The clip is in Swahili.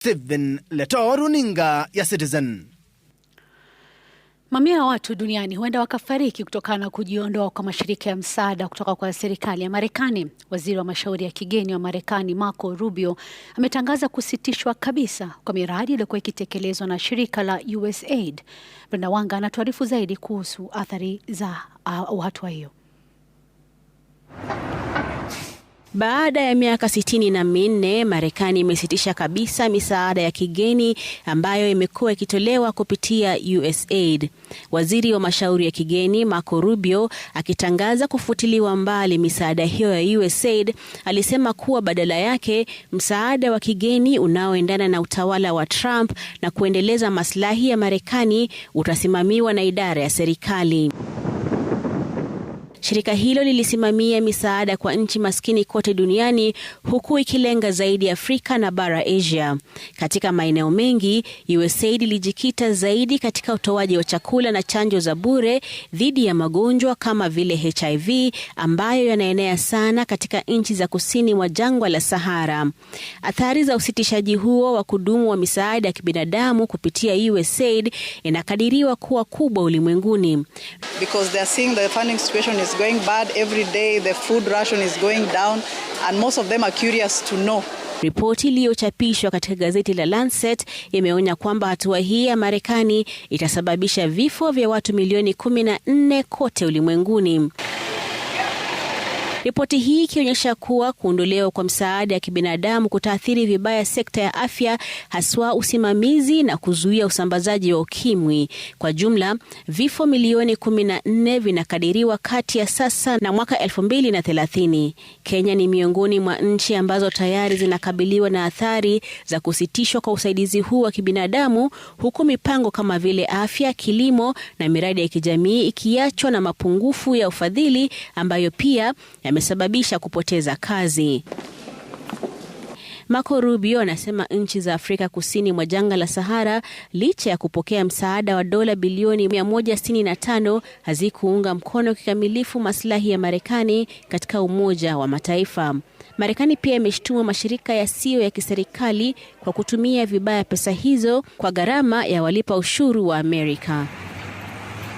Stephen Leto, runinga ya Citizen. Mamia ya watu duniani huenda wakafariki kutokana na kujiondoa kwa mashirika ya msaada kutoka kwa serikali ya Marekani. Waziri wa mashauri ya kigeni wa Marekani Marco Rubio ametangaza kusitishwa kabisa kwa miradi iliyokuwa ikitekelezwa na shirika la USAID. Brenda Wanga anatuarifu zaidi kuhusu athari za uh, hatua hiyo. Baada ya miaka sitini na minne, Marekani imesitisha kabisa misaada ya kigeni ambayo imekuwa ikitolewa kupitia USAID. Waziri wa mashauri ya kigeni Marco Rubio akitangaza kufutiliwa mbali misaada hiyo ya USAID alisema kuwa badala yake msaada wa kigeni unaoendana na utawala wa Trump na kuendeleza maslahi ya Marekani utasimamiwa na idara ya serikali. Shirika hilo lilisimamia misaada kwa nchi maskini kote duniani huku ikilenga zaidi Afrika na bara Asia. Katika maeneo mengi, USAID ilijikita zaidi katika utoaji wa chakula na chanjo za bure dhidi ya magonjwa kama vile HIV ambayo yanaenea sana katika nchi za kusini mwa jangwa la Sahara. Athari za usitishaji huo wa kudumu wa misaada ya kibinadamu kupitia USAID inakadiriwa kuwa kubwa ulimwenguni. Because they are seeing the funding situation is is going bad every day, the food ration is going down and most of them are curious to know. Ripoti iliyochapishwa katika gazeti la Lancet imeonya kwamba hatua hii ya Marekani itasababisha vifo vya watu milioni 14 kote ulimwenguni. Ripoti hii ikionyesha kuwa kuondolewa kwa msaada ya kibinadamu kutaathiri vibaya sekta ya afya, haswa usimamizi na kuzuia usambazaji wa ukimwi. Kwa jumla, vifo milioni 14 vinakadiriwa kati ya sasa na mwaka 2030. Kenya ni miongoni mwa nchi ambazo tayari zinakabiliwa na athari za kusitishwa kwa usaidizi huu wa kibinadamu, huku mipango kama vile afya, kilimo na miradi ya kijamii ikiachwa na mapungufu ya ufadhili ambayo pia yame wamesababisha kupoteza kazi. Marco Rubio anasema nchi za Afrika kusini mwa jangwa la Sahara licha ya kupokea msaada wa dola bilioni 165 hazikuunga mkono kikamilifu maslahi ya Marekani katika Umoja wa Mataifa. Marekani pia imeshtuma mashirika yasiyo ya kiserikali kwa kutumia vibaya pesa hizo kwa gharama ya walipa ushuru wa Amerika.